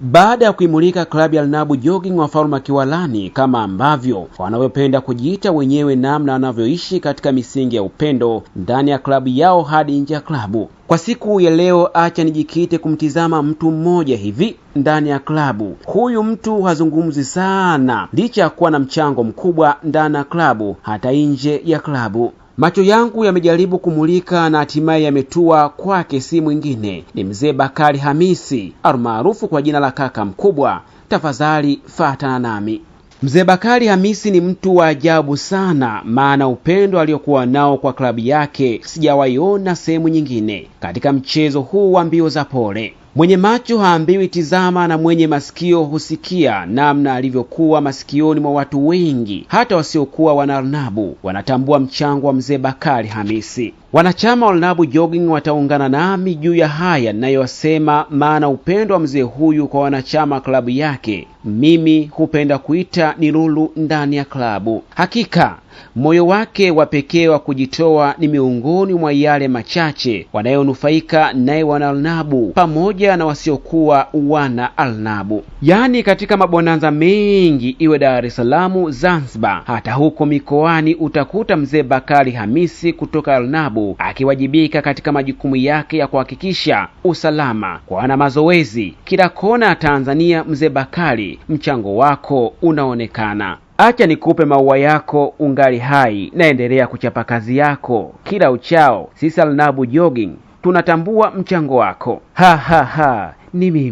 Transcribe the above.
Baada ya kuimulika klabu ya al jogging wa Wafalme Kiwalani, kama ambavyo wanavyopenda kujiita wenyewe, namna wanavyoishi katika misingi ya upendo ndani ya klabu yao hadi nje ya klabu. Kwa siku ya leo, acha nijikite kumtizama mtu mmoja hivi ndani ya klabu. Huyu mtu hazungumzi sana, licha ya kuwa na mchango mkubwa ndani ya klabu hata nje ya klabu. Macho yangu yamejaribu kumulika na hatimaye yametua kwake, si mwingine ni mzee Bakari Hamisi almaarufu kwa jina la kaka mkubwa. Tafadhali fatana nami. Mzee Bakari Hamisi ni mtu wa ajabu sana, maana upendo aliokuwa nao kwa klabu yake sijawaiona sehemu nyingine. Katika mchezo huu wa mbio za pole Mwenye macho haambiwi tizama, na mwenye masikio husikia, namna alivyokuwa masikioni mwa watu wengi, hata wasiokuwa wanarnabu wanatambua mchango wa mzee Bakari Hamisi. Wanachama wa Arnabu Jogging wataungana nami juu ya haya ninayosema, maana upendo wa mzee huyu kwa wanachama klabu yake, mimi hupenda kuita ni lulu ndani ya klabu. Hakika Moyo wake wa pekee wa kujitoa ni miongoni mwa yale machache wanayonufaika naye wana Alnabu pamoja na wasiokuwa wana Alnabu, yaani katika mabonanza mengi, iwe Dar es salamu Zanzibar, hata huko mikoani utakuta mzee Bakari Hamisi kutoka Alnabu akiwajibika katika majukumu yake ya kuhakikisha usalama kwa wana mazoezi kila kona Tanzania. Mzee Bakari, mchango wako unaonekana. Acha nikupe maua yako ungali hai, naendelea kuchapa kazi yako kila uchao. sisalnabu Nabu Jogging tunatambua mchango wako. Ha ha ha, ni mimi.